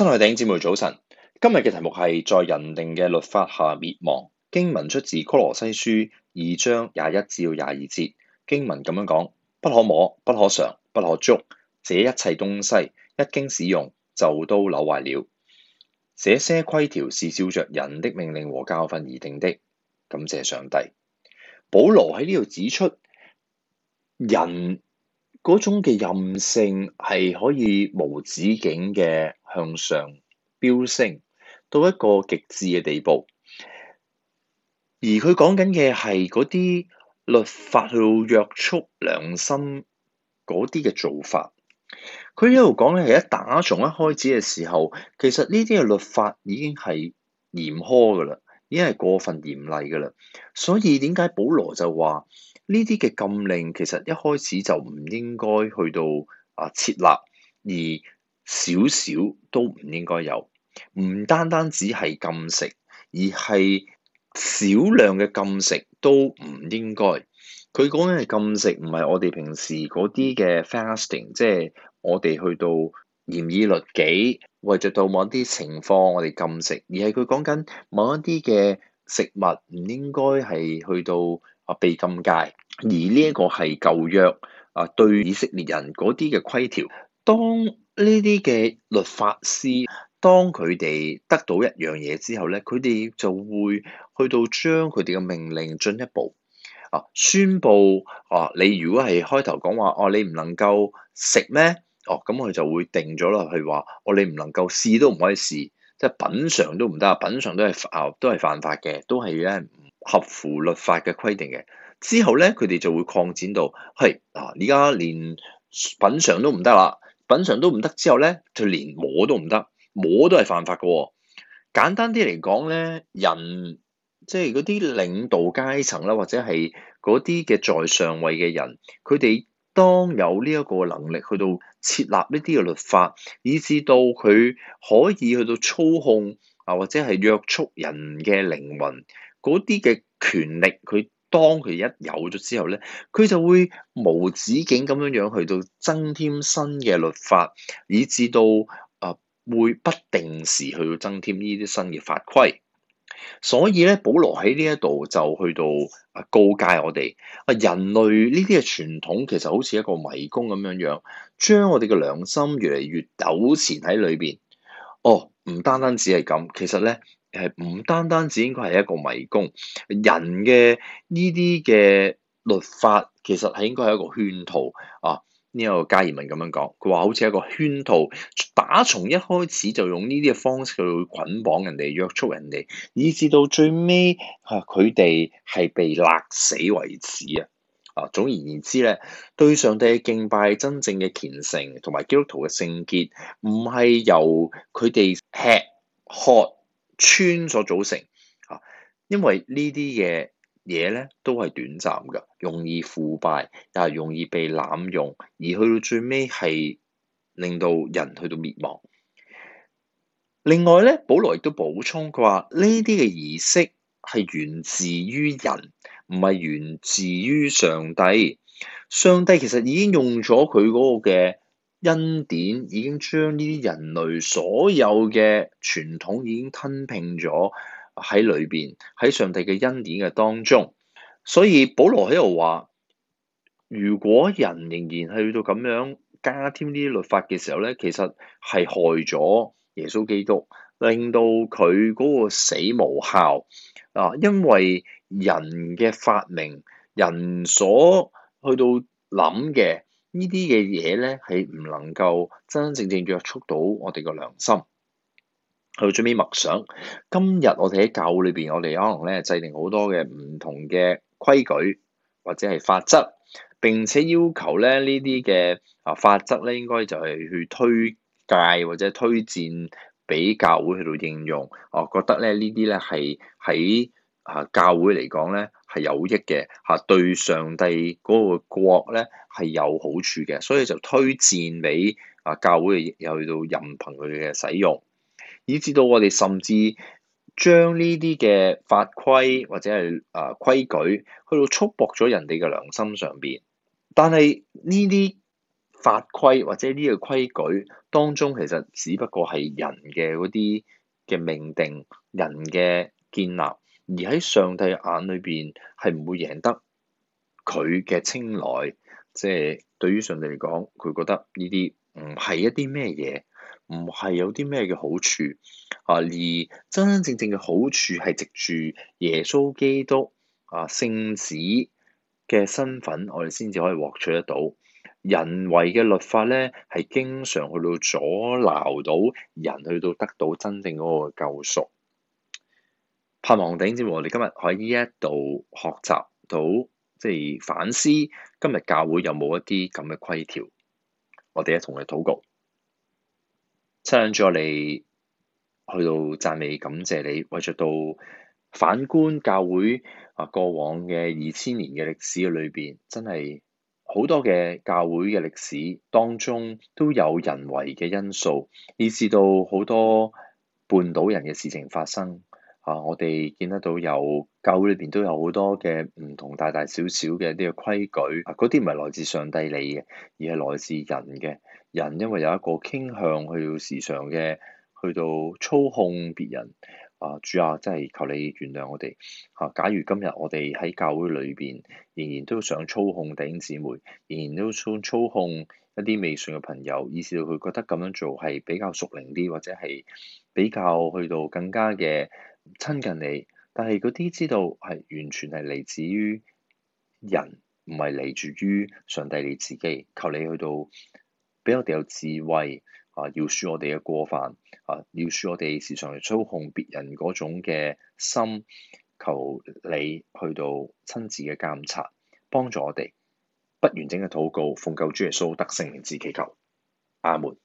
新海頂姊妹早晨，今日嘅題目係在人定嘅律法下滅亡。經文出自《歌羅西書》二章廿一至到廿二節，經文咁樣講：不可摸，不可嘗，不可捉。」這一切東西一經使用就都扭壞了。這些規條是照着人的命令和教訓而定的。感謝上帝，保羅喺呢度指出，人嗰種嘅任性係可以無止境嘅。向上飆升到一個極致嘅地步，而佢講緊嘅係嗰啲律法去約束良心嗰啲嘅做法。佢一路講嘅係一打從一開始嘅時候，其實呢啲嘅律法已經係嚴苛㗎喇，已經係過分嚴厲㗎喇。所以點解保羅就話呢啲嘅禁令其實一開始就唔應該去到啊設立而。少少都唔應該有，唔單單只係禁食，而係少量嘅禁食都唔應該。佢講緊係禁食，唔係我哋平時嗰啲嘅 fasting，即係我哋去到嚴以律己，為著到某一啲情況我哋禁食，而係佢講緊某一啲嘅食物唔應該係去到啊被禁戒，而呢一個係舊約啊對以色列人嗰啲嘅規條，當。呢啲嘅律法師，當佢哋得到一樣嘢之後咧，佢哋就會去到將佢哋嘅命令進一步啊，宣佈啊，你如果係開頭講話，哦、啊，你唔能夠食咩？哦、啊，咁佢就會定咗落去話，我、啊、你唔能夠試都唔可以試，即係品嚐都唔得啊，品嚐都係啊都係犯法嘅，都係咧合乎律法嘅規定嘅。之後咧，佢哋就會擴展到係啊，而家連品嚐都唔得啦。品嘗都唔得之後咧，就連摸都唔得，摸都係犯法嘅喎。簡單啲嚟講咧，人即係嗰啲領導階層啦，或者係嗰啲嘅在上位嘅人，佢哋當有呢一個能力去到設立呢啲嘅律法，以至到佢可以去到操控啊，或者係約束人嘅靈魂嗰啲嘅權力，佢。當佢一有咗之後咧，佢就會無止境咁樣樣去到增添新嘅律法，以至到啊會不定時去到增添呢啲新嘅法規。所以咧，保羅喺呢一度就去到啊告誡我哋啊，人類呢啲嘅傳統其實好似一個迷宮咁樣樣，將我哋嘅良心越嚟越糾纏喺裏邊。哦，唔單單只係咁，其實咧。係唔單單只應該係一個迷宮，人嘅呢啲嘅律法其實係應該係一個圈套啊！呢、這個加爾文咁樣講，佢話好似一個圈套，打從一開始就用呢啲嘅方式去捆綁人哋，約束人哋，以至到最尾嚇佢哋係被勒死為止啊！啊，總而言之咧，對上帝嘅敬拜、真正嘅虔誠同埋基督徒嘅聖潔，唔係由佢哋吃喝。穿咗組成啊，因為呢啲嘅嘢咧，都係短暫噶，容易腐敗，但係容易被濫用，而去到最尾係令到人去到滅亡。另外咧，保羅亦都補充佢話：呢啲嘅儀式係源自於人，唔係源自於上帝。上帝其實已經用咗佢嗰個嘅。恩典已經將呢啲人類所有嘅傳統已經吞併咗喺裏邊，喺上帝嘅恩典嘅當中。所以保羅喺度話，如果人仍然去到咁樣加添呢啲律法嘅時候咧，其實係害咗耶穌基督，令到佢嗰個死無效啊！因為人嘅發明，人所去到諗嘅。呢啲嘅嘢咧，係唔能夠真真正正約束到我哋個良心。去到最尾默想，今日我哋喺教會裏邊，我哋可能咧制定好多嘅唔同嘅規矩或者係法則，並且要求咧呢啲嘅啊法則咧，應該就係去推介或者推薦俾教會去到應用。我覺得咧呢啲咧係喺啊教會嚟講咧。係有益嘅，嚇對上帝嗰個國咧係有好處嘅，所以就推薦你啊教會去去到任憑佢哋嘅使用，以至到我哋甚至將呢啲嘅法規或者係啊規矩去到束縛咗人哋嘅良心上邊。但係呢啲法規或者呢個規矩當中，其實只不過係人嘅嗰啲嘅命定，人嘅建立。而喺上帝嘅眼裏邊，係唔會贏得佢嘅青睞，即係對於上帝嚟講，佢覺得呢啲唔係一啲咩嘢，唔係有啲咩嘅好處啊，而真真正正嘅好處，係藉住耶穌基督啊聖子嘅身份，我哋先至可以獲取得到。人為嘅律法咧，係經常去到阻撓到人去到得到真正嗰個救贖。盼望頂之，我哋今日喺呢一度學習到，即係反思今日教會有冇一啲咁嘅規條。我哋一同嚟禱告，分咗嚟去到讚美感謝你，為著到反觀教會啊，過往嘅二千年嘅歷史裏面，真係好多嘅教會嘅歷史當中都有人為嘅因素，以至到好多絆倒人嘅事情發生。啊！我哋見得到有，有教會裏邊都有好多嘅唔同大大小小嘅啲嘅規矩，嗱、啊，嗰啲唔係來自上帝嚟嘅，而係來自人嘅。人因為有一個傾向去到時常嘅去到操控別人。啊，主啊，即係求你原諒我哋。吓、啊，假如今日我哋喺教會裏邊，仍然都想操控弟兄姊妹，仍然都想操控。一啲未信嘅朋友，意思佢覺得咁樣做係比較屬靈啲，或者係比較去到更加嘅親近你。但係嗰啲知道係完全係嚟自於人，唔係嚟自於上帝你自己。求你去到俾我哋有智慧啊，饒恕我哋嘅過犯啊，饒恕我哋時常去操控別人嗰種嘅心。求你去到親自嘅監察，幫助我哋。不完整嘅禱告，奉救主耶穌得勝名字祈求，阿門。